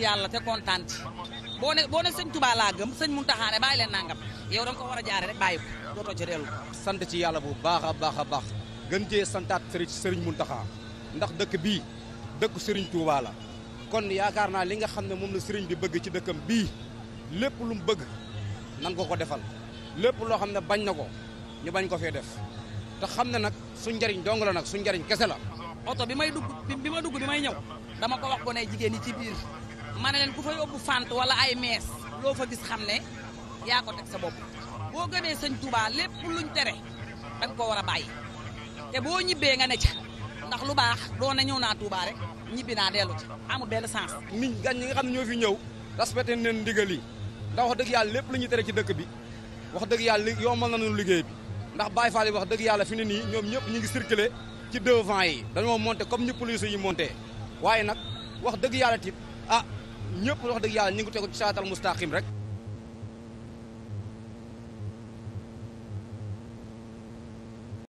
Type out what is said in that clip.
ci yàlla te kontaan boo ne boo ne sëñ Touba laa gëm sëñ Mountakha ne bàyyi leen nangam yow da nga ko war a jaare rek bàyyi ko dootoo ci dellu sant ci yàlla bu baax a baax a baax gën cee santaat sëriñ sëriñ Mountakha ndax dëkk bii dëkk sëriñ Touba la kon yaakaar naa li nga xam ne moom la sëriñ bi bëgg ci dëkkam bii lépp lu mu bëgg nan ko ko defal lépp loo xam ne bañ na ko ñu bañ ko fee def te xam ne nag suñ njariñ dong la nag suñ njariñ kese la oto bi may dugg bi may ñëw ci biir ma ne leen ku fa yóbbu fant wala ay mees loo fa gis xam ne yaa ko teg sa bopp boo gëmee sëñ Touba lépp luñ tere danga ko war a bàyyi te boo ñibbee nga ne ca ndax lu baax doo na ñëw naa Touba rek ñibbi naa dellu ci amul benn sens. nit gan ñi nga xam ne ñoo fi ñëw respecté nañ ndigal yi ndax wax dëgg yàlla lépp lu ñu tere ci dëkk bi wax dëgg yàlla yombal nañu liggéey bi ndax Baye Fall yi wax dëgg yàlla fi ne nii ñoom ñëpp ñu ngi circulé ci devant yi dañoo monté comme ñu police yi monté waaye nag wax dëgg yàlla tit ah ñëpp wax dëgg yàlla ñu ngi tegu ci saatal mustaqim rek